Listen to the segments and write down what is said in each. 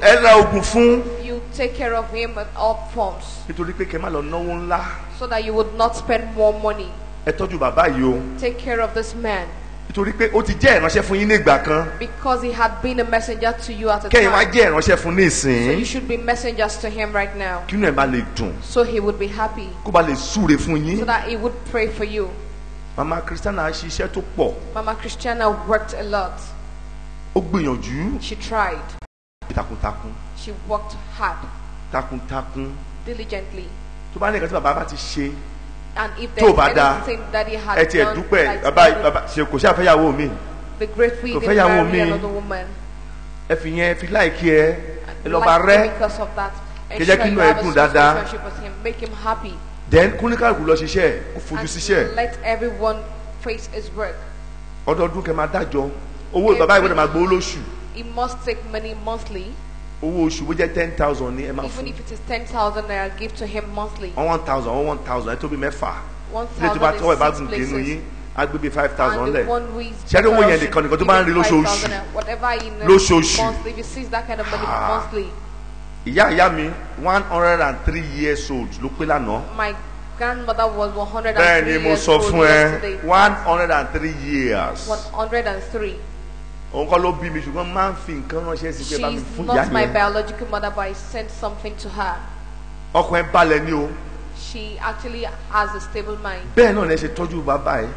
ẹ you take care of him in all forms. so that you would not spend more money. take care of this man. because he had been a messenger to you at the time. so you should be messengers to him right now. so he would be happy. lè so that he would pray for you. mama christiana ṣiṣẹ́ tó mama christiana worked a lot. ó she tried. takuntakun. she worked hard. takuntakun. diligently. tó bá ní nǹkan tí bàbá bá ti ṣe. and if there is anything daddy had done like that. ẹ dúpẹ́ bàbá bàbá ṣe kò sí àfẹ́yàwó mi. the great we did marry another woman. ẹ fi yẹn fi láìkí ẹ ẹ lọ́ba rẹ kẹjẹ kí inú ẹ dùn dáadáa then kúníkàlùkù lọ ṣiṣẹ́ kó fojú ṣiṣẹ́. let everyone face his work. ọdọọdún kẹ máa dájọ owó bàbá ìwé náà máa gbowó lóṣù he must take money monthly. owó oṣù bó jẹ́ ten thousand ní ẹ máa fún. even if it is ten thousand naira give to him monthly. one one thousand one one thousand ẹ tó bí mẹ́fà. one thousand is six places ilé tó bá tọ́wọ́ ẹ bá gùn dénú five thousand lẹ̀. and the one owó yẹn nìkan nìkan tó bá ń rí lóṣooṣù lóṣooṣù. if you see that kind of money ah. monthly. ìyá ìyá mi one hundred and three years old ló pé lánàá. my grandmother was one hundred and three years old yesterday. mo sọ fún ẹ one hundred and three years. one hundred and three òun kọ́ ló bí mi ṣùgbọ́n máa ń fi nǹkan ránṣẹ́ sí pé bá mi fún ìyá yẹn. she is not my biological mother but I sent something to her. ọkàn balẹ̀ ni o. she actually has a stable mind. bẹ́ẹ̀ náà lẹ ṣe tọ́jú bàbá ẹ.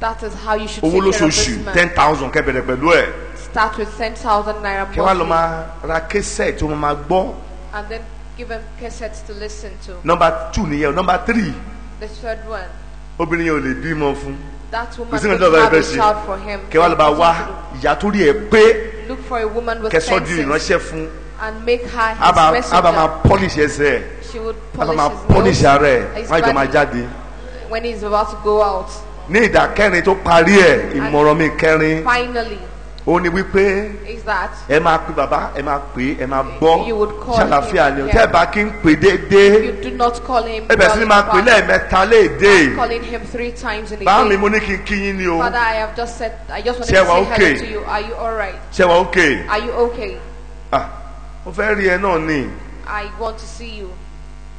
that is how you should take care of this man. owó lóṣooṣù ten thousand kẹ́bẹ̀rẹ̀ pẹ̀lú ẹ̀. start with ten thousand naira monthly. kẹwàá lọ máa ra kẹsẹ̀ tí wọ́n máa gbọ́. and then give them cassettes to listen to. number two nìyẹn number three. the third one. obìnrin yẹn ò lè bímọ fún that woman would have a child for him. kẹ́ wá lọ bá wá ìyá tó pé kẹsọ́ di ìránṣẹ́ fún and make her his aba, messenger. Aba polish ẹsẹ̀. She would polish aba ma jọ ma jáde. When he is about to go out. tó parí ẹ̀, ìmọ̀ràn mi kẹrin. Finally ó ní wípé ẹ máa pè bàbá ẹ máa pè ẹ máa gbọ́ ṣàlàfíà ni tẹ́ ẹ bá kí n pè déédéé ẹ bẹ̀rẹ̀ sí ni máa pè lẹ́ẹ̀mẹ́ta léèdè báwo ni mo ní kí n kí yín ni o ṣe wà ókè ṣe wà ókè ah mo fẹ́ rí ẹ náà ni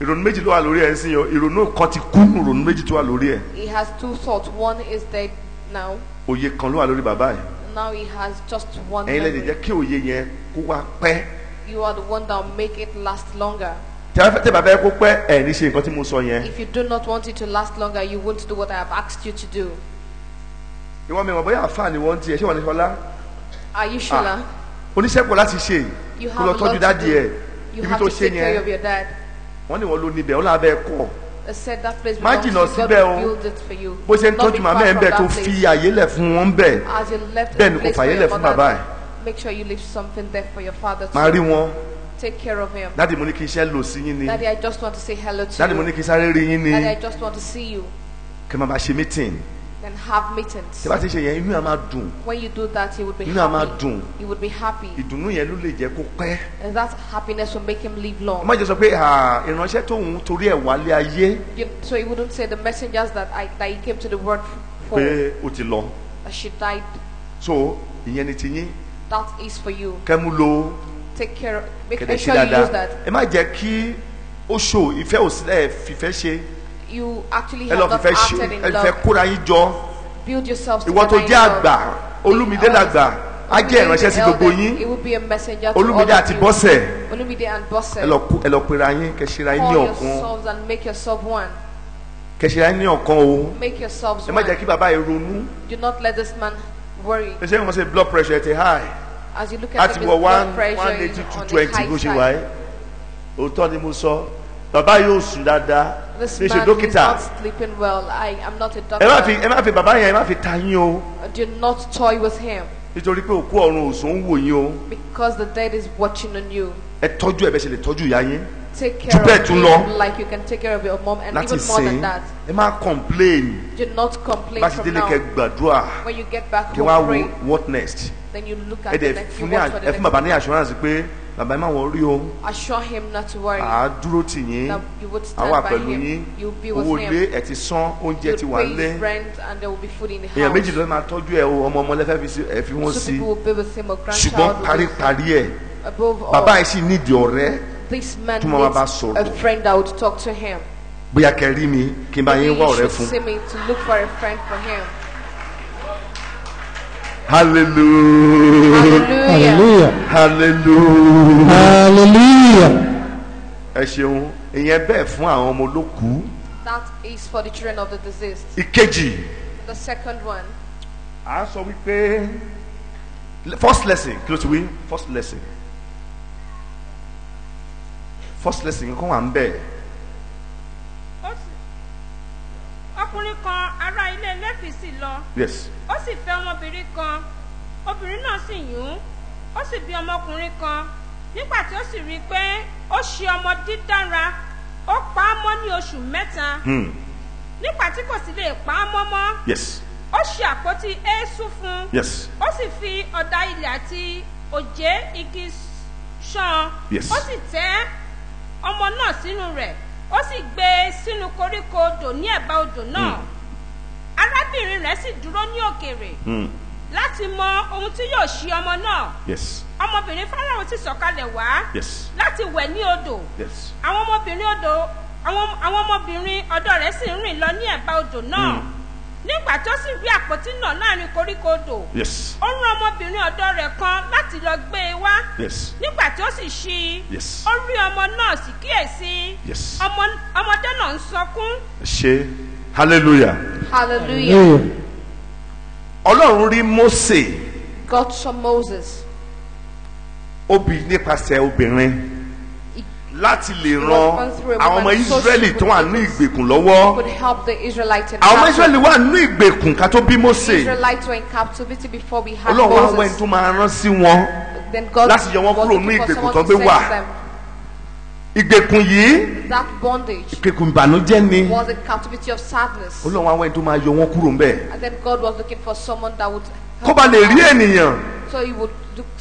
ìrònú méjì ló wà lórí ẹ ń sìn yọ ìrònú kan ti kú ìrònú méjì tó wà lórí ẹ. he has two thoughts one is dead now. òye kan ló wà lórí bàbá yìí now he has just one ẹ̀yin lè jẹ́ kí òye yẹn kó wá pẹ́. you are the one that will make it last longer. tẹ́lifíṣẹ́ bàbá yẹn kó pẹ́ ẹ̀ ní ṣe nǹkan tí mo sọ yẹn. if you do not want it to last longer you won't do what I have asked you to do. ìwọ mi ò bóyá àfáà ni wọ́n ń ṣé wọ́n ní sọlá. are you sure? Ah, oníṣẹ́pọ̀ láti ṣe kó lọ tọ́jú dádì ẹ̀ ibi tó ṣe yẹn wọ́n ní wọ́n ló níbẹ̀ ó lábẹ́ kọ́. Uh, said má jìnnà síbẹ̀ o bó ṣe ń tọ́jú màmá ẹ̀ ń bẹ̀ tó fi àyè lẹ̀ fún wọn bẹ̀ bẹ́ẹ̀ ni kò fàyè lẹ̀ fún bàbá ẹ̀ má rí wọn take care of him. Daddy, mo ní kí n lò sí yín ni. Daddy, I just want to say hello to Daddy, you. Daddy, mo ní kí sáré rí yín ni. Daddy, I just want to see you. Kí n máa bá ṣe meeting. Then have meetings. tí a bá When you do that he would be happy. he would be happy. And that happiness will make him live long. sọ he wouldn't say the messengers that I that he came to the world for. That she died. so That is for you. Take care make sure you use that. ẹ má jẹ́ kí ó ṣò ìfẹ́ òsínlẹ̀ fìfẹ́ you actually have not acted in love. ẹ lọ fẹ́ yín jọ. build yourselves together. ìwọ tó jẹ́ àgbà olúmídé làgbà á jẹ́ ìránṣẹ́ sí gbogbo yín olúmídé àti bọ́sẹ̀ ẹ lọ pera yín kẹsìra yín ní ọ̀kan kẹsìra yín ní ọ̀kan o ẹ má jẹ́ kí bàbá yìí ronú. do not let this man worry. ẹ ṣe ń wọ́n ṣe blood pressure ti high. as you look at the blood pressure one eighty two twenty bó ṣe wáyé òótọ́ ni mo sọ bàbá yóò sùn dáadáa this man is not sleeping well. I am not a doctor. ẹ má fi ẹ má fi bàbá yẹn ẹ má fi ta yín o. do not toy with him. nítorí pé òkú ọ̀run òsùn ń wò yín o. because the dead is watching on you. ẹ tọ́jú ẹ bẹ́ẹ̀ ṣe lè tọ́jú ìyá yín take care of tún lọ like you can take care of your mom and láti even more than that. ẹ complain. do not complain Láti délé kẹ́ gbàdúrà. when you get back home pray. what next. then you look at the next you watch for the next. ẹ fún bàbá ní assurance pé bàbá ẹ má worry o. assure him not to worry. àá dúró tì yín. that you would stand by him. yín. you be with him. owó ilé ẹ ti san oúnjẹ ti wà nílé. you pay rent and there will be food in the house. èèyàn méjì ló máa tọ́jú ẹ o ọmọ ọmọ lẹ́fẹ̀ẹ́ fi ẹ fi wọ́n sí. two people will be with him or grandchild. ṣùgbọ́n paríparí ẹ bàbá ẹ sì nídìí ọ̀rẹ́ this man needs a friend that would talk to him. bóyá kẹ́ rí mi kí n bá yín wá ọ̀rẹ́ fún. see me to look for a friend for him. hallelujah. hallelujah. hallelujah. hallelujah. ẹ ṣeun ìyẹn bẹ́ẹ̀ fún àwọn ọmọ olókùú. that is for the children of the deceased. ìkejì. the second one. a sọ wípé first lesson kí ló ti wí first lesson first lesson kan wà ń bẹ̀. ó sì ọkùnrin kan ará ilé lẹ́fì sì lọ. yes. ó sì fẹ́ ọmọbìnrin kan obìnrin náà sì yún ó sì bí ọmọkùnrin kan nígbà tí ó sì rí i pé ó ṣe ọmọ dídára ó pa á mọ́ ní oṣù mẹ́ta hmm. nígbà tí kò sì lè pa á mọ́ mọ́ ó ṣe àpótí eéṣú fún un ó sì fi ọ̀dà ilẹ̀ àti òjé igi ṣán ó sì tẹ́ ọmọ náà sínú rẹ̀ ó sì gbé e sínú koríko odò ní ẹ̀bá odò náà hmm. arábìnrin rẹ̀ sì dúró ní òkèrè hmm. láti mọ ohun tí yóò ṣe ọmọ náà ọmọbìnrin Fáráò sì sọ̀kalẹ̀ wá láti wẹ̀ ní odò àwọn ọmọbìnrin ọ̀dọ̀ rẹ̀ sì ń rìn lọ ní ẹ̀bá odò náà. Hmm nígbà tó sì rí àpótí náà láàrin koríko odò. yes. ó rán ọmọbìnrin ọ̀dọ́ rẹ̀ kan láti lọ gbé e wá. yes. nígbà tó sì ṣí i. yes. ó rí ọmọ náà sì kíyèsí. yes. ọmọ ọmọdé náà ń sọkún. ṣe hallelujah. hallelujah. ọlọ́run rí Mósè. God saw Moses. ó bí nípasẹ̀ obìnrin láti lè ran àwọn ọmọ israẹli tó wà ní ìgbèkùn lọ́wọ́ àwọn ọmọ israẹli wà ní ìgbèkùn ká tó bí Mósè ọlọ́run àwọn ẹni tó máa rán sí wọn láti yọ wọn kúrò ní ìgbèkùn tó gbé wà ìgbèkùn yìí ìgbèkùn ìbànújẹ́ ni ọlọ́run àwọn ẹni tó máa yọ wọn kúrò ń kó ba lè rí ènìyàn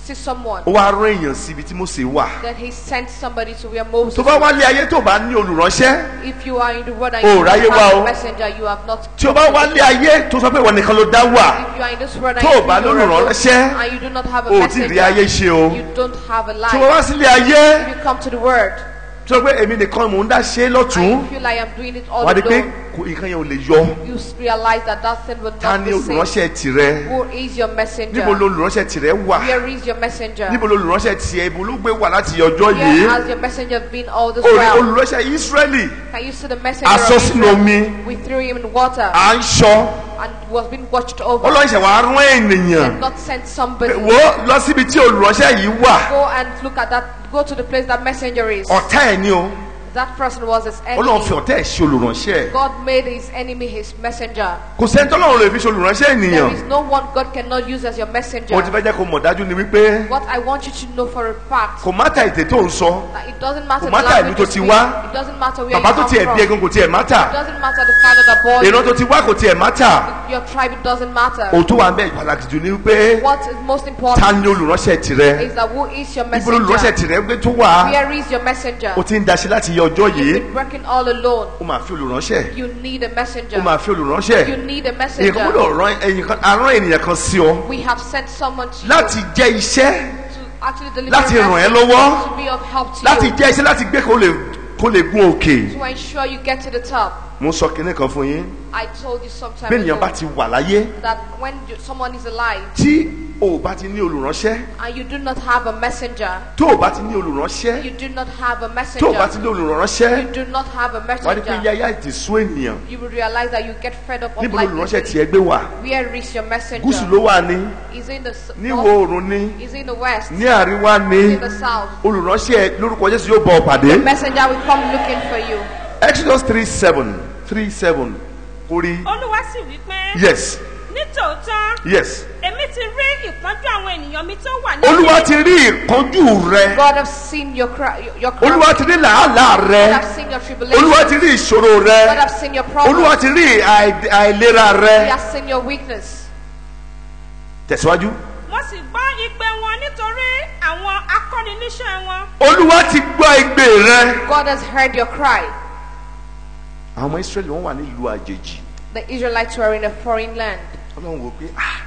to someone. ó wá rán èèyàn sí ibi tí Mósè that he sent somebody to where Moses. tó bá wálé ayé tó bá ní olùránṣẹ́. if you are in the world and you don't have a messenger you have not. tí o bá wálé ayé tó sọ pé ìwọ nìkan ló dá wà. if you are in this world and you don't have a olùránṣẹ́. and you do not have a messenger. o ti rí ayé ṣe o. you don't have a life. tí o bá wá sílé ayé. if you come to the world tí wọ́n pé èmi nìkan mò ń dá ṣe lọ́tún wà á di pé nǹkan yẹn ò lè yọ ta ni olùránṣẹ́ tìrẹ níbo lo olùránṣẹ́ tìrẹ wà níbo lo olùránṣẹ́ tìẹ ibo ló gbé wà láti ọjọ́ yìí orí olùránṣẹ́ Ísírẹ́lì asọ́sínú omi à ń ṣọ́ and was being watched over. Ọlọ́run ṣe wàá rán ènìyàn. not send somebody. Wo lọ síbi tí olùránṣẹ́ yìí wà. Go and look at that go to the place that messenger is. Ọ̀tá ẹ̀ ni o that person was his enemy. Ọlọ́run fi ọ̀tá ẹ̀ ṣe God made his enemy his messenger. Kò sẹ́ni tọ́lọ́run lè fi ṣe olùránṣẹ́ ènìyàn. There is no one God cannot use as your messenger. Mo ti fẹ́ jẹ́ kó mọ̀ dájú ni wípé. What I want you to know for a fact. Kò mátà ètè tó ń sọ. It doesn't matter the language you speak. Kò mátà ìlú tó ti wá. It doesn't matter where you come from. Bàbá tó ti ẹ̀bí egun kò tiẹ̀ mátà. It doesn't matter the father that born you. Ìran tó ti wá kò tiẹ̀ mátà. Your tribe it doesn't matter. Òtún wa mẹ́ pàtàkì jù ni wípé. What is most important. Ta olùránṣẹ́ tirẹ̀? Is that who is your messenger? Ibo olùránṣẹ́ tirẹ̀ gbé tó wà. Where is your messenger? O ti ń daṣẹ́ láti ayẹyẹ ọjọ́ yìí. working all alone. o máa fi olùránṣẹ́. you need a messenger. o máa fi olùránṣẹ́. you need a messenger. èyí kúrò rán ẹyin kan arán ènìyàn kan sí ọ. we have sent someone to you. láti jẹ́ iṣẹ́. to actually deliver a message. láti ràn ẹ́ lọ́wọ́. to be of help to you. láti jẹ́ iṣẹ́ láti gbé kó lè kó lè gún òkè. to ensure you get to the top. mo sọ kinní kan fún yín. I told you some time ago. bẹ́ẹ̀nìyàn bá ti wà láyé. that when someone is alive. tí o bá ti ní olùránṣẹ́. and you do not have a messenger. tó o bá ti ní olùránṣẹ́. you do not have a messenger. tó o bá ti ní olùránṣẹ́. you do not have a messenger. wà á ní pé yáyá ti sún ènìyàn. you will realize that you get fed up of life. níbo olùránṣẹ́ tiẹ̀ gbé wà. where is your messenger. gúúsù ló wà ní. is in the north. ní ìwọ̀ oòrùn ní. is in the west. ní àríwá ní. in the south. olùránṣẹ́ lórúkọ Jésù yóò bọ̀ pàdé. the messenger will come looking for you. Exodus three seven three seven kó olúwa sì wí pé. yes. nítòótọ́. yes. èmi ti rí ìpọ́njú àwọn ènìyàn mi tó wà nílé. olúwa ti rí ìpọ́njú rẹ. God have seen your your crown. olúwa ti rí làálàá rẹ. God have seen your tribulation. olúwa ti rí ìṣòro rẹ. God have seen your problem. olúwa ti rí àìlera rẹ. He has seen your weakness. tẹ̀síwájú. mo sì gbọ́ igbe wọn nítorí àwọn akọ́niníṣẹ́ wọn. olúwa ti gbọ́ igbe rẹ. God has heard your cry àwọn ọmọ israẹli wọn wà nílùú àjèjì. the israelites were in a foreign land. ọlọ́run wò pé ah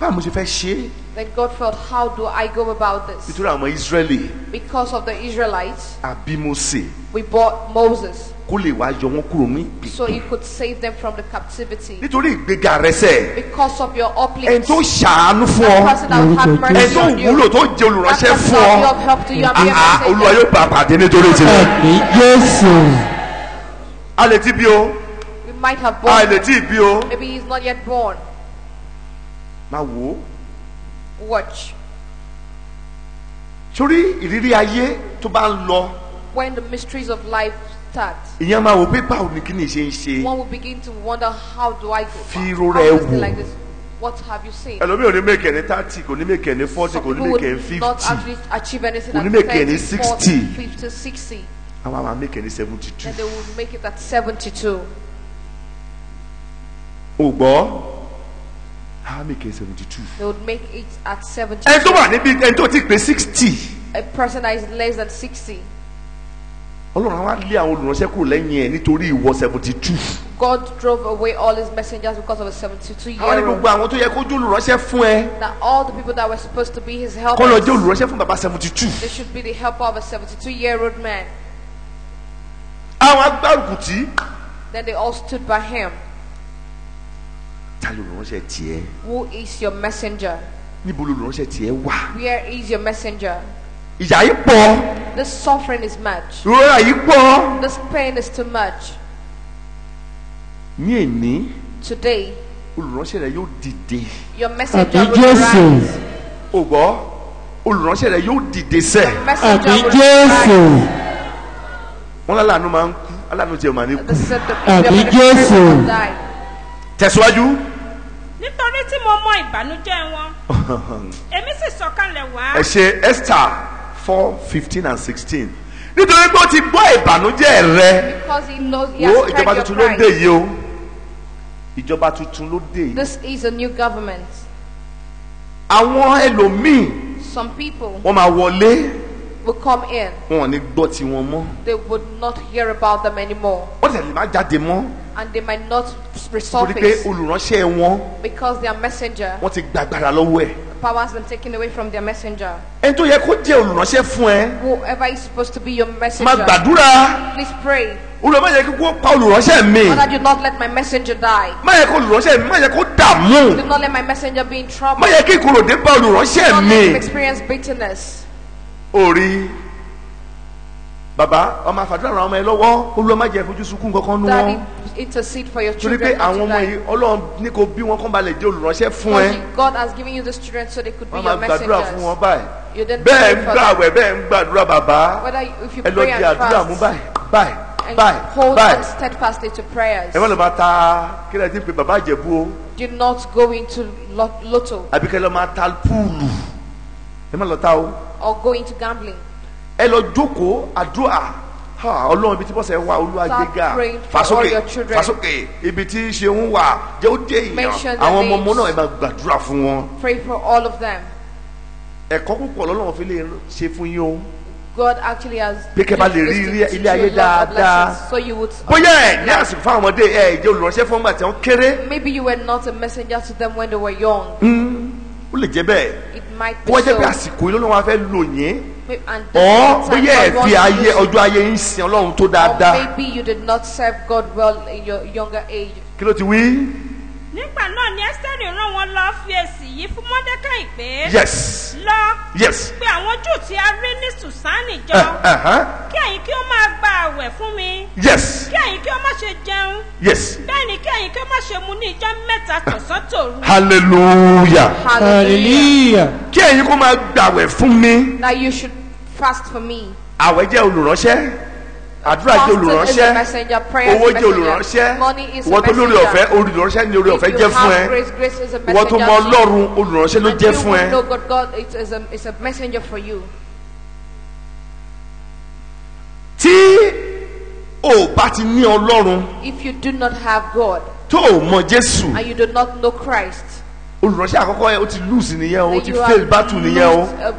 báwo mo ṣe fẹ́ ṣe then God felt how do I go about this. nítorí àwọn israẹli. because of the israelites. àbí Mósè. we bought Moses. kó lè wá yọ wọn kúrò ní so he could save them from the captivity. nítorí ìgbéga rẹ sẹ. because of your uplift. ẹni tó ṣàánú fún ọ. ẹni tó wúlò tó jẹ olùránṣẹ́ fún ọ. Ah, olúwa yóò bàbà dé nítorí tiwọn. yéésù a lè ti bí o. we might have born. a lè ti bí o. maybe he not yet born. máa wò watch. torí ìrírí ayé tó bá ń lọ. when the mysteries of life start. ìyẹn máa wò pé báwo ni kí ni ṣe ń ṣe. one will begin to wonder how do I go. fi rora ẹ wò. What have you seen? ẹlòmíràn ní make ẹni thirty kò ní make ẹni forty kò ní make ẹni fifty kò ní make ẹni sixty a máa máa make it ní seventy two. and they will make it at seventy two. o gbọ́ a máa make it seventy two. they would make it at seventy two. ẹni tó wà níbi ẹni tó ti pé sixty. a person that is less than sixty. Ọlọ́run wa lé àwọn olùránṣẹ́ kúrò lẹ́yìn ẹ̀ nítorí ìwọ seventy two. God drove away all his messengers because of a seventy two year old. Àwọn ní gbogbo àwọn tó yẹ kó jẹ́ olùránṣẹ́ fún ẹ. That all the people that were supposed to be his helpers. Kọ́ lọ jẹ́ olùránṣẹ́ fún bàbá seventy two. They should be the helper of a seventy two year old man àwọn agbárùkù tí. then they all stood by him. ta ló ránṣẹ́ who is your messenger. níbo ló ránṣẹ́ wà. where is your messenger. ìyà yìí pọ̀. The suffering is much. ìrora yìí pọ̀. The pain is too much. ní èní. today. olùránṣẹ́ rẹ yóò dìde. your messenger will rise. àbí jésù. rẹ yóò dìde sẹ́. àbí jésù wọn lálàánú máa ń kú aláàánú tiẹ̀ máa ní kú. àbí jésù. tẹ̀síwájú. nítorí tí mo mọ ìbànújẹ́ wọn èmi sì sọ̀kalẹ̀ wá. ẹ ṣe Esther four fifteen and sixteen nítorí pé ó ti gbọ́ ìbànújẹ́ rẹ wo ìjọba tuntun ló dé yìí o ìjọba tuntun ló dé yìí. this is a new government. àwọn ẹlòmíì. some people. wọ́n máa wọlé will come in. wọn ò ní gbọ́ ti wọn mọ́. they would not hear about them anymore. wọ́n tẹ̀lé má jáde mọ́. and they might not resurface. torí pé olùránṣẹ́ wọn. because their messenger. wọ́n ti gbàgbára lọ́wọ́ ẹ̀. power has been taken away from their messenger. ẹni tó yẹ kó jẹ́ olùránṣẹ́ fún ẹ. whoever is supposed to be your messenger. máa gbàdúrà. please pray. olùrọ̀ má yẹ kí kó pa olùránṣẹ́ mi. father do not let my messenger die. má yẹ kó olùránṣẹ́ mi má yẹ kó dààmú. do not let my messenger be in trouble. má yẹ kí ìkoròdé bá olùránṣẹ́ mi. do not let him experience bitterness orí bàbá ọmọ àfàdúrà ràn ọmọ ẹ lọ́wọ́ Olúwa má jẹ́ fojú sunkún kankan nu wọn. for your children. torí pé àwọn ọmọ yìí Ọlọ́run ní kò bí wọn kàn balẹ̀ jẹ́ olùránṣẹ́ fún ẹ. God has given you these children so they could be your messengers. wọ́n máa gbàdúrà fún wọn báyìí. bẹ́ẹ̀ ń gbàwẹ̀ bẹ́ẹ̀ ń gbàdúrà bàbá ẹ lọ di àdúrà mú báyìí báyìí báyìí báyìí. steadfastly to prayers. ẹ má lọ máa ta kílẹ̀ tí pé bàbá àjẹ̀bú o. do not go into lotto. àbíkẹ́ lọ máa ta púùlù ẹ má lọ ta o. or go into gambling. ẹ lọ jókòó àdúrà ọlọ́run ibi tí bọ́sẹ̀ wà olúwàgbéga fàsókè fàsókè ibi tí ṣeun wà jẹ́ ó dé èèyàn àwọn ọmọ ọmọ náà ẹ máa gbàdúrà fún wọn. pray for all of them. ẹ̀kọ́ púpọ̀ lọ́lọ́run fi lè ṣe fún yín o. God actually has pékè bá lè rí ilé ayé dáadáa bóyá ẹ ní àsìkò fún àwọn ọmọdé ẹ ìjẹ olùránṣẹ́ fún ọmọ àti àwọn kéré. maybe you were not a messenger to them when they were young. Mm ó lè jẹ́ bẹ́ẹ̀ wọ́n jẹ́ pé àsìkò yìí lọ́nà wọn fẹ́ lò yín ọ bóyá ẹ fi ayé ọjọ́ ayé yín sin Ọlọ́run tó dáadáa. or maybe you did not serve God well in your younger age. kí ló ti wí nígbà náà ni ẹ́sítẹ́rì rán wọn lọ fi èsì yìí fún mọ́dékàì pé. yes lọ yes pé àwọn júù tí a rí ní sùsánì jọ. Uh, uh-huh. kí ẹ̀yin kí ó máa gba àwẹ̀ fún mi. yes kí ẹ̀yin kí ó má ṣe jẹun. yes bẹ́ẹ̀ ni kí ẹ̀yin kí ó má ṣe mu ní ijọ́ mẹ́ta tọ̀sán tòru. hallelujah hallelujah kí ẹ̀yin kó máa gbàwẹ̀ fún mi. that you should fast for me. àwẹ̀ jẹ́ olùránṣẹ́. àdúrà jẹ́ olùránṣẹ́ owó jẹ́ olùránṣẹ́ ìwọ tó lórí ọ̀fẹ́ olùránṣẹ́ ni orí ọ̀fẹ́ jẹ́ fún ẹ ìwọ tó mọ Ọlọ́run olùránṣẹ́ ló jẹ́ fún ẹ. tí o bá ti ní Ọlọ́run tó o mọ Jésù olùránṣẹ́ àkọ́kọ́ yẹn ti lose nìyẹn o ti fail battle nìyẹn o. Uh,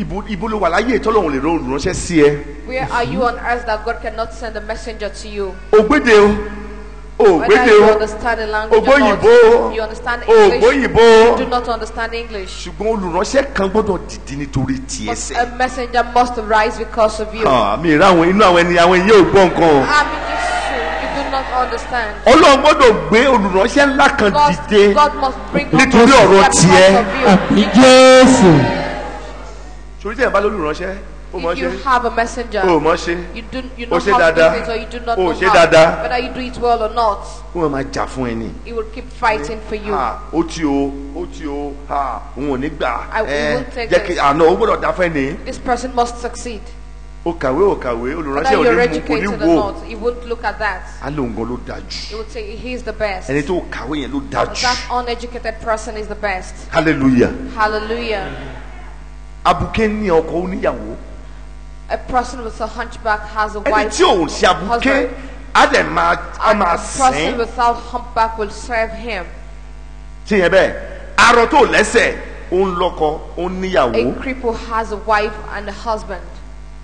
ibo ibo ló wà láyé tọ́lọ́hún lè ránṣẹ́ sí ẹ. where are you on earth that God cannot send a messenger to you. ògbédè o ògbédè o ògbóyìnbó ògbóyìnbó ṣùgbọ́n olùránṣẹ́ kan gbọ́dọ̀ dìde nítorí tiẹ̀ sẹ́. a messenger must rise because of you. Ah, àmì ìráwọn inú àwọn ẹni àwọn ẹni yóò gbọ́ nǹkan. àmì yìí not understand. Ọlọ́run gbọ́dọ̀ gbé olùránṣẹ́ ńlá kan dìde nítorí ọ̀rọ̀ tiẹ̀. Àbí Jésù. if you have a messenger. ó mọ̀ ṣe. you do you know how to it or you do not know how. whether you do it well or not. he will keep fighting for you. I will take this. jẹ́ kí àná ó gbọ́dọ̀ dá fẹ́ ni. this person must succeed o kàwé o kàwé olùránṣẹ́ ò ní mú kò ní wo alóńgán ló dájú ẹni tó hallelujah. hallelujah. abuké ní ọkọ oníyàwó. a person with a hunchback has a wife. ẹni tí òun ṣe abuké á máa á máa sìn. a person without humpback will serve him. ti yẹn bẹ́ẹ̀ arọ tó lẹ́sẹ̀ ó ń lọ́kọ níyàwó. a cripple has a wife and a husband.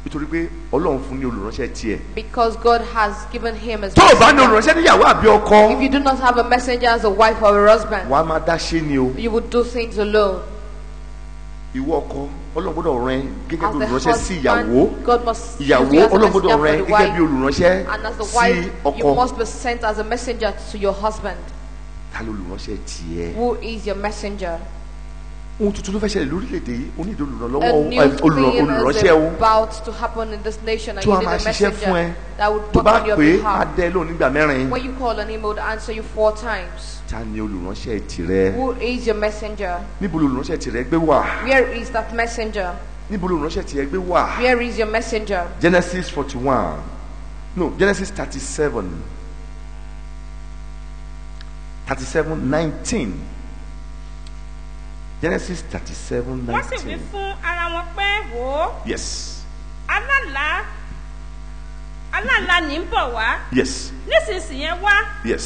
nítorí pé ọlọ́run fún ní olùránṣẹ́ tiẹ̀. because God has given him as. tó o bá ní olùránṣẹ́ níyàwó àbí ọkọ. if you do not have a messenger as a wife or a husband. wàá máa dá ṣe ni o. you would do things alone. ìwọ ọkọ Ọlọ́run gbọ́dọ̀ rán gẹ́gẹ́ bí olùránṣẹ́ sí ìyàwó ìyàwó Ọlọ́run gbọ́dọ̀ gẹ́gẹ́ bí olùránṣẹ́ sí ọkọ. ta ló olùránṣẹ́ tiẹ̀. who is your messenger ohun tuntun ló fẹ́ ṣẹlẹ̀ lórílẹ̀‐èdè yìí ó ní ìdí olùrànlọ́wọ́ olùránṣẹ́ òun tó a máa ṣiṣẹ́ fún ẹ tó bá pè é á dẹ́ lóun nígbà mẹ́rin. when you call on him he will answer you four times. ta ni olùránṣẹ́ tìrẹ. who is your messenger. níbo olùránṣẹ́ tìrẹ gbé wà. where is that messenger. níbo olùránṣẹ́ tìrẹ gbé wà. where is your messenger. Genesis forty one no Genesis 37. 37, 19. Genesis thirty seven nineteen. wọ́n sì wí fún ara wọn pé wò ó. yes. alálàá alálàá ní ń bọ̀ wá. yes. nísinsìnyí wá. yes.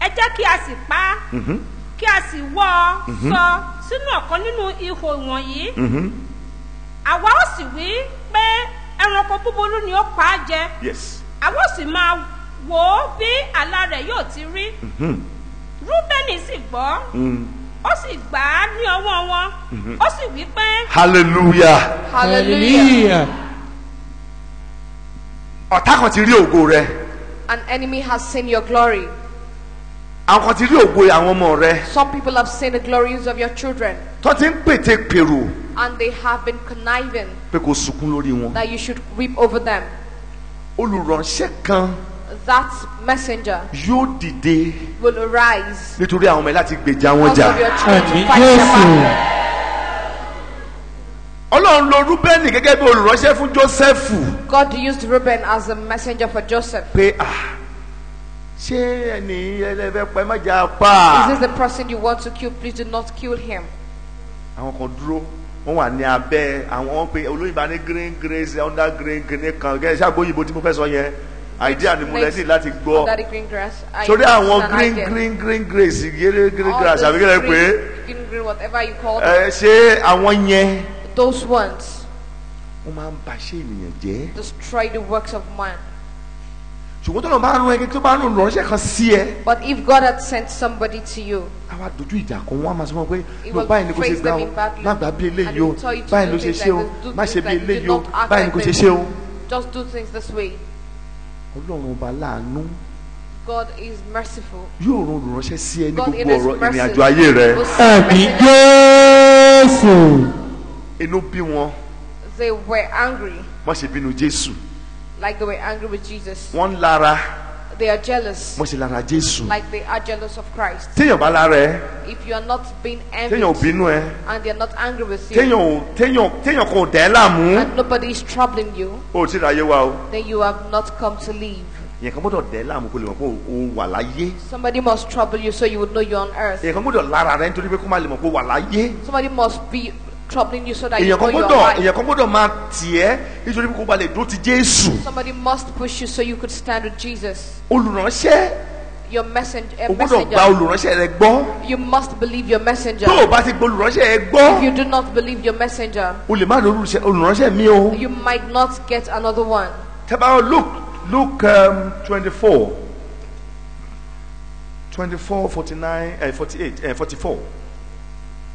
ẹ jẹ́ kí a sì pa á. Mm-hmm. kí a sì wọ́ ọ mm-hmm. sọ sínú ọ̀kan nínú ihò wọ̀nyí. Mm-hmm. àwa ó sì wí pé ẹranko búburú ni ó pa á jẹ. yes. àwa ó sì máa wò ó bí àlá rẹ̀ yóò ti rí. rúbẹ́nì sì gbọ́. Mm-hmm ó sì gbà á ní ọwọ́ wọn mhm. ó sì wí pé. hallelujah. hallelujah. ọ̀tá kan ti rí ògo rẹ. an enemy has seen your glory. àwọn kan ti rí ògo àwọn ọmọ rẹ. some people have seen the glories of your children. tó ti ń pète pèrò. and they have been conniving. pé kò sunkún lórí wọn. that you should weep over them. olùránṣẹ́ kan that messenger. yóò dìde. will arise. nítorí àwọn ọmọ ẹ láti gbèjà wọn jà. àmì Jésù. Ọlọ́run lo Rúbẹ́nì gẹ́gẹ́ bí olùránṣẹ́ fún Jósẹ́fù. God used Reuben as a messenger for Joseph. pé ah ṣé ẹni ẹlẹ́fẹ́ pẹ́ mọ́jà pa. Is this the person you want to kill? Please do not kill him. àwọn kan dúró wọ́n wà ní abẹ́ àwọn pé olóyìnbá ní green grace under green green kan gẹ́gẹ́ ṣáà gbóyìnbó tí mo fẹ́ sọ yẹn idea ni mo lẹ́sìn láti gbọ́ torí àwọn green green green grass green green grass àbí kílẹ̀ pé ẹ ṣé àwọn yẹn wọ́n máa ń ba ṣé ènìyàn jẹ́. destroy the works of man. ṣùgbọ́n tọ́lọ̀ bá rán ẹgbẹ́ tó bá rán lọ́rọ́ṣẹ́ kan sí ẹ. but if God had sent somebody to you. àwa dojú ìjà kan wọn a máa sọ wọn pé no báyìí ni kò ṣe gbà ó má gbà bí eléyìí o báyìí ló ṣe ṣe o má ṣe bí eléyìí o báyìí ni kò ṣe ṣe o. just do things this way ọlọ́run ọba láàánú. God is merciful. yóò rọrùn ránṣẹ́ sí ẹ ní gbogbo ọ̀rọ̀ ìrìn àjò ayé rẹ. àmì Jésù. inú bí wọn. they were angry. wọ́n ṣe bínú Jésù. like they were angry with Jesus. wọ́n Lara. They are jealous. Wọ́n ṣe lára Jésù. Like they are jealous of Christ. Téèyàn bá lára ẹ. If you are not being envied. Téèyàn ò bínú ẹ. And they are not angry with you. Téèyàn ò téèyàn téèyàn kò dẹ́ láàmú. And nobody is troubling you. O ti ra ayé wa o. Then you have not come to leave. Yẹn kan gbọ́dọ̀ dẹ́ láàmú kó lè mọ̀ pé o wà láyé. Somebody must trouble you so you would know you are on earth. Yẹn kan gbọ́dọ̀ lára rẹ nítorí pé kó má lè mọ̀ pé o wà láyé. Somebody must be troubling you so that you know your life. èèyàn gbọ́dọ̀ máa tì ẹ́ nítorí kó ba lè dúró ti Jésù. somebody must push you so you could stand with Jesus. olùránṣẹ́. your messenger. o gbọ́dọ̀ gba olùránṣẹ́ rẹ gbọ́. you must believe your messenger. tó o bá ti olùránṣẹ́ rẹ gbọ́. if you do not believe your messenger. o lè má lọ olùránṣẹ́ mi o. you might not get another one. tẹ́bàá look look um, twenty-four twenty-four forty-nine eh, forty-eight eh, forty-four.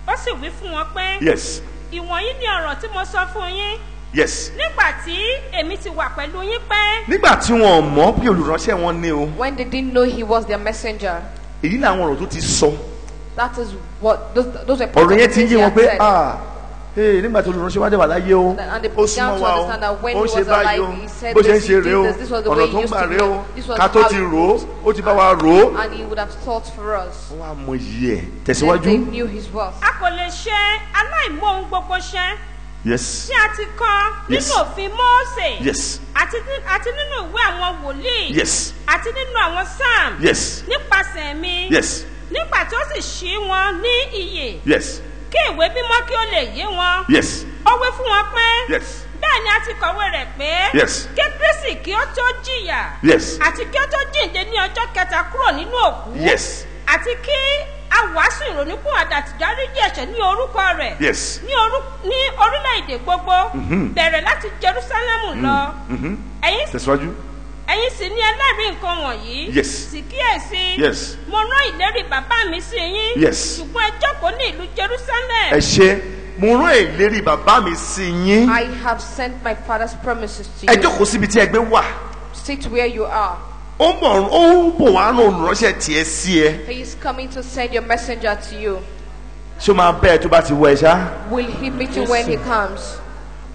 ó sì wí fún wọn pé. yes. ìwọ̀nyí ni ọ̀rọ̀ tí mo sọ fún yín. yes. nígbà tí èmi ti wà pẹ̀lú yín pẹ́. nígbà tí wọn ò mọ̀ bí olùránṣẹ́ wọn ní o. when they didn't know he was their messenger. èyí làwọn ọ̀rọ̀ tó ti sọ. that is what those, those were. ọ̀rọ̀ yẹn ti yé wọn pé ah ee eh, nígbà tí olùrànṣẹ́ wa dé wà láyé o ó súnmọ́ wa o ó ṣe báyìí o bó ṣe ń ṣe rèé o ọ̀nà tó ń gbà rèé o ká tó ti rò ó ó ti bá wa rò ó ó wà mọ iyì ẹ̀ tẹ̀síwájú. a kò lè ṣe aláìmọ̀ ohun gbogbo ṣe yes. tí a ti kọ nínú òfin Mósè. yes. àti nínú ìwé àwọn wòlíì. yes. àti nínú àwọn sam. yes. nípasẹ̀ mi. yes. nígbà tí sì ṣí wọn ní ìyè. yes. kí ìwé mímọ́ kí ó lè yé wọn. yes. ó wí fún wọn pé. yes. bẹ́ẹ̀ ni a ti kọ̀wé rẹ̀ pé. yes. kí Kristi kí ó tó jìyà. yes. àti kí ó tó jíǹde ní ọjọ́ kẹta kúrò nínú òkú. yes. àti kí a wàásù ìrònúkún ni ẹ̀ṣẹ̀ ní orúkọ rẹ̀. yes. gbogbo. Mm-hmm. bẹ̀rẹ̀ láti jerusalem lọ. Mm-hmm. Mm-hmm. ẹ̀yin tẹ̀síwájú. ẹ̀yin sì ni ẹlẹ́rìí nǹkan wọ̀nyí. yes. sì kíyèsí. yes. mo rán ìlérí bàbá mi sí yín. yes. ṣùgbọ́n ẹ jókòó ní ìlú jerusalem. ẹ ṣe mo rán ìlérí bàbá mi sí yín. I have sent my father's promises to you. ẹ jókòó síbi tí ẹgbẹ́ wà. sit where you are. ó ń bọ̀ ó ń bọ̀ wá rán olùránṣẹ́ tiẹ̀ sí ẹ. he is coming to send your messenger to you. ṣé o máa bẹ́ẹ̀ tó bá ti wọ ẹ will he meet you yes. when he comes.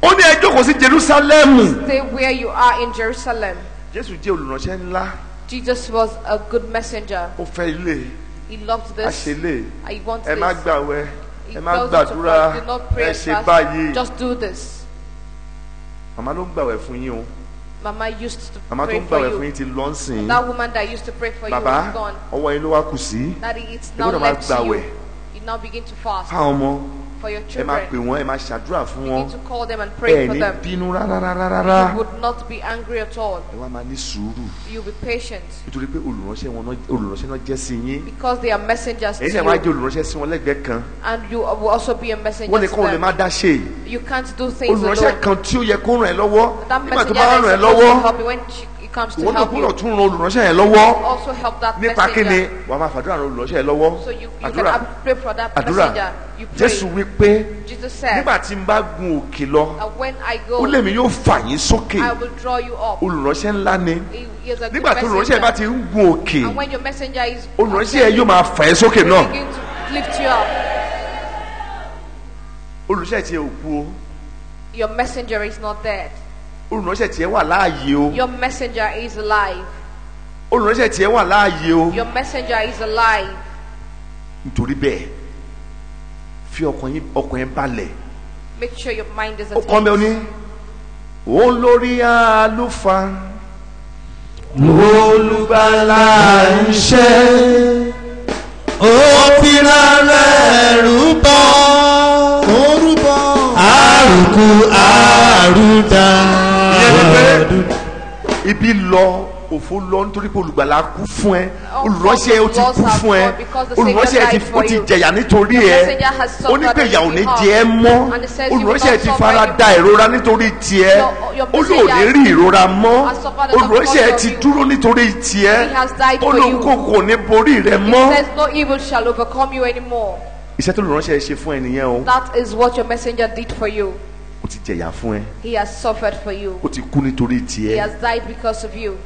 ó ní ẹ jókòó sí jerusalem. stay where you are in jerusalem. Jésù jẹ́ olùránṣẹ́ ńlá. Jesus was a good messenger. Ó fẹ́ ilé. He loved this. Àṣẹlé. He wants this. Ẹ má gbàwẹ̀. Ẹ má gbàdúrà. Ẹ ṣe báyìí. Just do this. Màmá ló ń gbàwẹ̀ fún yín o. Mama used to pray for you. Màmá tó ń gbàwẹ̀ fún yín ti lọ sìn. That woman that used to pray for Baba, you is gone. Bàbá ọwọ́ yín ló wá kù sí. That it's now left to you. You now begin to fast. Fáwọn ọmọ for your children. ẹ máa pè wọ́n ẹ máa ṣàdúrà fún wọn. begin to call them and pray for them. ẹ ní bínú rárárárá. you would not be angry at all. ẹ wá máa ní sùúrù. you be patient. nítorí pé olùránṣẹ́ wọn olùránṣẹ́ náà jẹ́ sí yín. because they are messengers to you. èyí ni àwọn ajé olùránṣẹ́ sí wọn lẹ́gbẹ̀ẹ́ kan. and you will also be a messenger to them. wọ́n nìkan lè má dá ṣe. you can't do things alone. olùránṣẹ́ kan tí ó yẹ kó ràn ẹ́ lọ́wọ́ nígbà tó bá ràn ẹ́ lọ́wọ́ comes to help you. also help that messenger. so you you can pray for that messenger. you pray Jésù wí pé nígbà tí n bá gun òkè lọ ó lè mi yóò fà yín sókè olùránṣẹ́ ńlá ni nígbà tí olùránṣẹ́ bá ti ń gun òkè olùránṣẹ́ yẹn yóò máa fà yín sókè náà olùránṣẹ́ ti òkú o. your messenger is not dead olùránṣẹ́ tiẹ̀ wà láàyè o. your messenger is alive. olùránṣẹ́ tiẹ̀ wà láàyè o. your messenger is alive. nítorí bẹ́ẹ̀ fi ọkàn yín ọkàn yín balẹ̀. make sure your mind is at peace. ó kọ́ mi ó ní òun lórí àlùfáà. olùgbàlà ń ṣe ó fi rárẹ̀ rúbọ. àrùkù àrùkù àrùdà ọdún. ibi lọ òfò lọ nítorí pé olùgbàlà kú fún ẹ oh, olùránṣẹ́ ó ti kú fún ẹ olùránṣẹ́ ó ti jẹ̀yà nítorí ẹ ó ní pé ìyà ní jẹ ẹ́ mọ́ olùránṣẹ́ ti fara da ìrora nítorí tiẹ̀ ó lò ní rí ìrora mọ́ olùránṣẹ́ ti dúró nítorí tiẹ̀ ó lóun kò kò ní borí rẹ mọ́ iṣẹ́ tó olùránṣẹ́ ṣe fún ẹ nìyẹn o. that is what your messenger did for you ti jẹ̀yà fún ẹ. he has suffered for you. ó ti kú nítorí tiẹ̀. he has died because of you.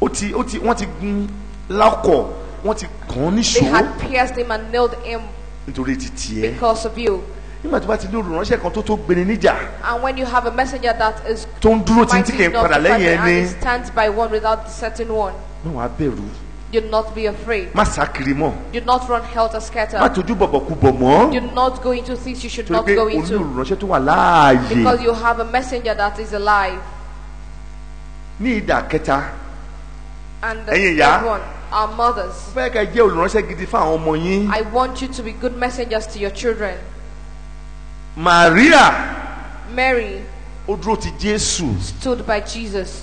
ó ti ó ti wọ́n ti gún lákọ̀ wọ́n ti kàn án níṣó. they had pierced him and nailed him. nítorí ti tiẹ̀. because of you. nígbà tó bá ti ní olùránṣẹ́ kan tó tó gbéni níjà. and when you have a messenger that is. tó ń dúró tí ń tí kì í padà lẹ́yìn ẹni. and he stands by one without the certain one. náà wàá bẹ̀rù. Do not be afraid. Má Do not run helter skelter. Do not go into things you should not go into. Torí tó Because you have a messenger that is alive. Need a kẹta. And the Ẹyin one our mothers. I want you to be good messengers to your children. Maria. Mary. Ó Stood by Jesus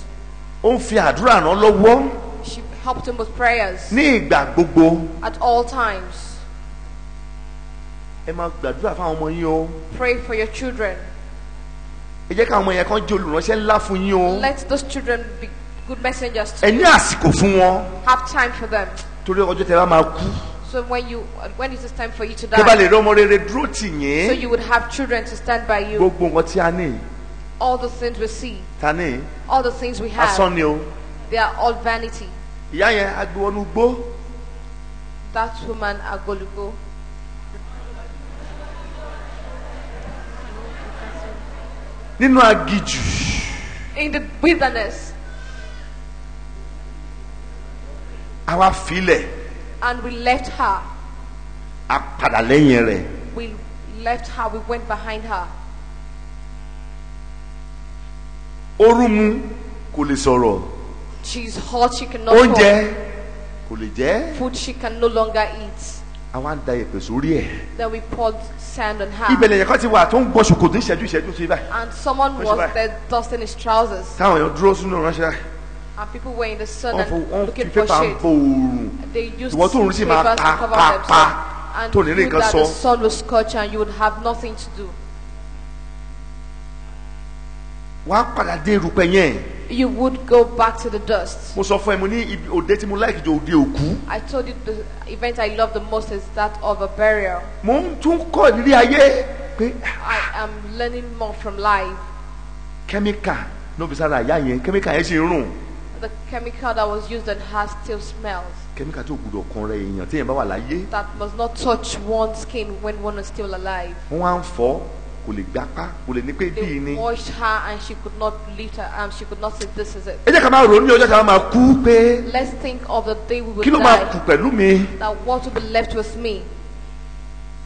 helped him with prayers. Ní ìgbà gbogbo. At all times. Pray for your children. Let those children be good messengers to you. Have time for them. So when you when is it is time for you to die. So you would have children to stand by you. All the things we see. All the things we have. They are all vanity. ìyá yẹn agbowonu gbó. that woman agolugbo. nínú agijù. in the wilderness. àwa filẹ̀. and we left her. a padà lẹ́yìn rẹ̀. we left her we went behind her. Orumu mu kò lè sọ̀rọ̀. She's hot, she cannot oúnjẹ kò lè jẹ. Food she can no longer eat. Àwa ń da ìpè sórí ẹ̀. Then we poured sand on her. Ibẹ̀lẹ̀ yẹn kan ti wà tó ń gbọ́sùn kò ní ìṣẹ́jú ìṣẹ́jú sí báyìí. And someone was there dusting his trousers. Táwọn èèyàn dúró sínú ránṣẹ́. And people were in the sun and looking for shade. Wọ́n fi pépà ń bo oòrùn. They used papers to cover themselves. And you that the sun was scorching. and you would have nothing to do. Wàá padà dé irúpẹ́ yẹn you would go back to the dust. mo sọ fún ẹ mo ní òde tí mo like jù òde òkú. I told you the event I love the most is that of a burial. mo ń tún kọ́ ìrírí ayé I am learning more from life. kẹ́míkà ló fi sára àyà yẹn kẹ́míkà yẹn sì ń rùn. The chemical that was used on her still smells. kẹ́míkà tí ò gbúdọ̀ kan rẹ èèyàn tí èèyàn bá wà láyé. That must not touch one's skin when one is still alive. wọ́n á ń fọ́. kò lè gbapá kò lè ní pé bíi ni. they washed her and she could not lift her arm um, she could not say this is it. ẹ jẹ́ ká máa ronú ọjọ́ tí máa kú pé. let's think of the day we will die. kí ló máa kù pẹ̀lú mi. that what will be left with me.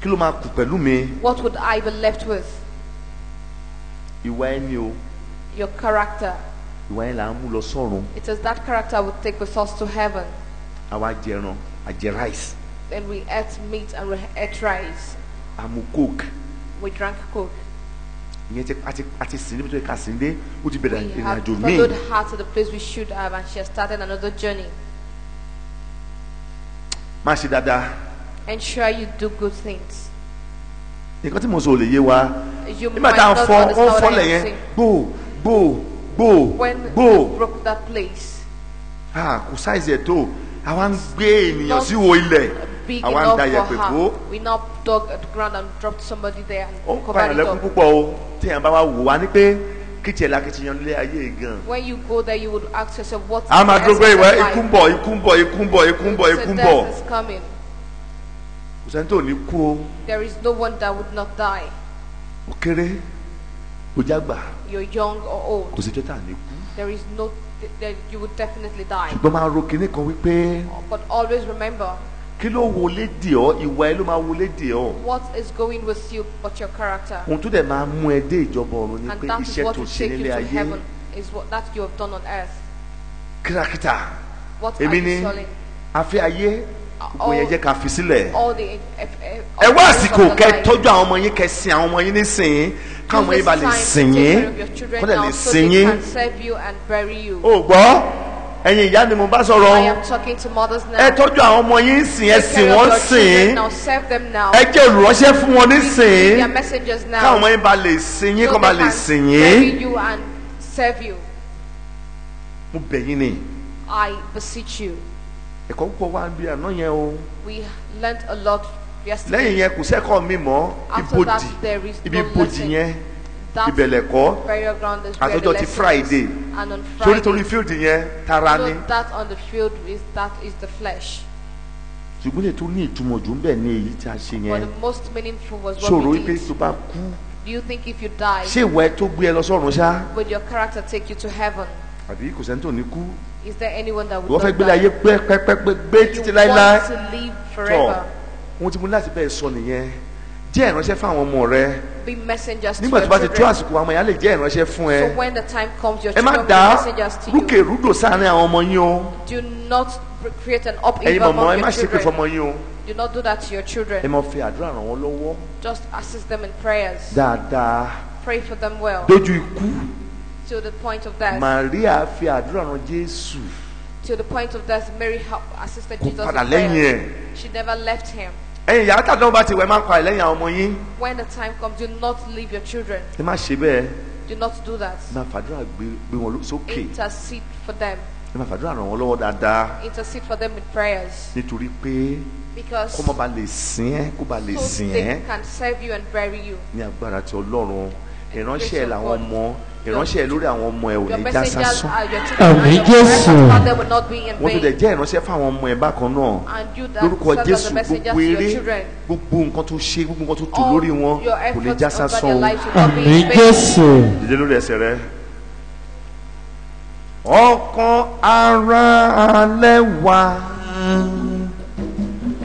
kí ló máa kù pẹ̀lú mi. what would I be left with. ìwà ẹni o. your character. ìwà ẹni là ń mú lọ sọ́run. it is that character we take with us to heaven. àwa jẹran àjẹ rice. then we ate meat and we ate rice. àmú coke. we drank coke. ìyẹn ti àti àti sìn níbi tó yẹ ká sìn dé ó ti bẹ̀rẹ̀ ìrìn àjò míì. we had followed her to the place we should have and she has started another journey. má ṣe dáadáa. ensure you do good things. nǹkan tí mo sọ ò lè yé wa nígbà tá à ń fọ ó ń fọlẹ̀ When we broke that place. ah kò sáìsì ẹ̀ tó àwa ń gbé ènìyàn síwò ilẹ̀. big àwa ń da we now dug at the ground and dropped somebody there and oh, covered it up. tí bá wá wò wá ní pé kìtì lé ayé gan. when you go there you would ask yourself what is the essence of life. a drug dúró pé ìwà ikú ń bọ̀ coming. tó ní kú o. there is no one that would not die. o kéré o jágbà. you are young or old. kò ní kú. there is no that you would definitely die. ṣùgbọ́n máa ro kan wípé. but always remember. kí ló wọlé dè ọ́ ìwà ẹ ló máa wọlé dè ọ́. what is going with you but your character. ohun tó dẹ̀ máa mú ẹ dé ìjọba ọ̀run ni pé iṣẹ́ tó ṣe nílé ayé. and that is what will take you to heaven is what that you have done on earth. kírakítà èmi ni àfi ayé gbogbo yẹn jẹ́ ká fi sílẹ̀. Eh, eh, ẹ wá àsìkò kẹ́ tọ́jú àwọn ọmọ yín kẹ́ sin àwọn ọmọ yín nísìnyí káwọn ọmọ yín bá lè sìn yín kó lè lè sìn yín. o gbọ́ ẹ̀yin ìyá ni mo bá sọ̀rọ̀ ẹ tọ́jú àwọn ọmọ yín sìn ẹ sìn wọ́n sìn ẹ jẹ́ olùránṣẹ́ fún wọn ní sìn káwọn ọmọ yín ba lè sìn yín kó ba lè sìn yín mo bẹ̀ yín ni. I beseech you. ẹ̀kọ́ púpọ̀ wá ń bí àná yẹn o. we learnt a lot yesterday. lẹ́yìn yẹn kò sẹ́kọ̀ọ́ mi mọ́ ibodì ibi ibodì yẹn ibẹ̀lẹ̀ kọ́ àtọ́jọ́ ti friday torí torí field yẹn tara ni ṣùgbọ́n ètò ní ìtumọ̀ jù ń bẹ̀ ní èyí tí a ṣe yẹn ṣòro wípé tó bá kú ṣé ìwà ẹ tó gbé ẹ lọ sọ́run ṣá àbí kò sẹ́ni tó ní kú wọ́n fẹ́ gbélé ayé pẹ́pẹ́pẹ́ gbé títí láéláé tọ́ ohun tí mo ní láti bẹ́ẹ̀ sọ nìyẹn jẹ́ ìránṣẹ́ fún àwọn ọmọ rẹ be messengers to bá ti tó àsìkò àwọn ìyá lè jẹ́ ìránṣẹ́ fún ẹ. so when the time comes your children be messengers to ẹ má dá rúkè rúdò sáàárín àwọn ọmọ yín o. do not create an upheaval mọ̀mọ́ ẹ má ṣépè fọmọ yín o. do not do that to your children. ẹ máa fi àdúrà ràn wọ́n lọ́wọ́. just assist them in prayers. dáadáa. pray for them well. dojú ikú. till the point of death. Maria fi àdúrà ràn Jésù. till the point of death Mary helped assist Jesus in prayer. kò padà lẹ́yìn ẹ̀. she never left him ẹ̀yin ìyá tàbí ọba ti wẹ̀ máa pa ẹ̀lẹ́yìn àwọn ọmọ yín. when the time comes do not leave your children. ẹ má ṣe bẹ́ẹ̀. do not do that. máa fàdúrà gbé wọn sókè. intercede for them. ẹ máa fàdúrà ràn wọ́n lọ́wọ́ dáadáa. intercede for them with prayers. nítorí pé kó má ba lè sìn ẹ́ kó ba lè sìn ẹ́. so they can serve you and bury you. ní agbára ti Ọlọ́run ìránṣẹ́ làwọn ọmọ ìránṣẹ́ lórí àwọn ọmọ ẹ ò ní já sásán. àmì jésù. wọ́n tún lè jẹ́ ìránṣẹ́ fáwọn ọmọ ẹ bákan náà lórúkọ jésù gbogbo eré gbogbo nǹkan tó ṣe gbogbo nǹkan tó tò lórí wọn kò ní já sásán o. àmì jésù. dídé lórí ẹsẹ̀ rẹ. ọkàn ara alẹ́ wa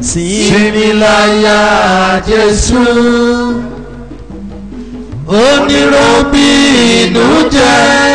sí mi láyà jésù onírúbí ìlú jẹ́.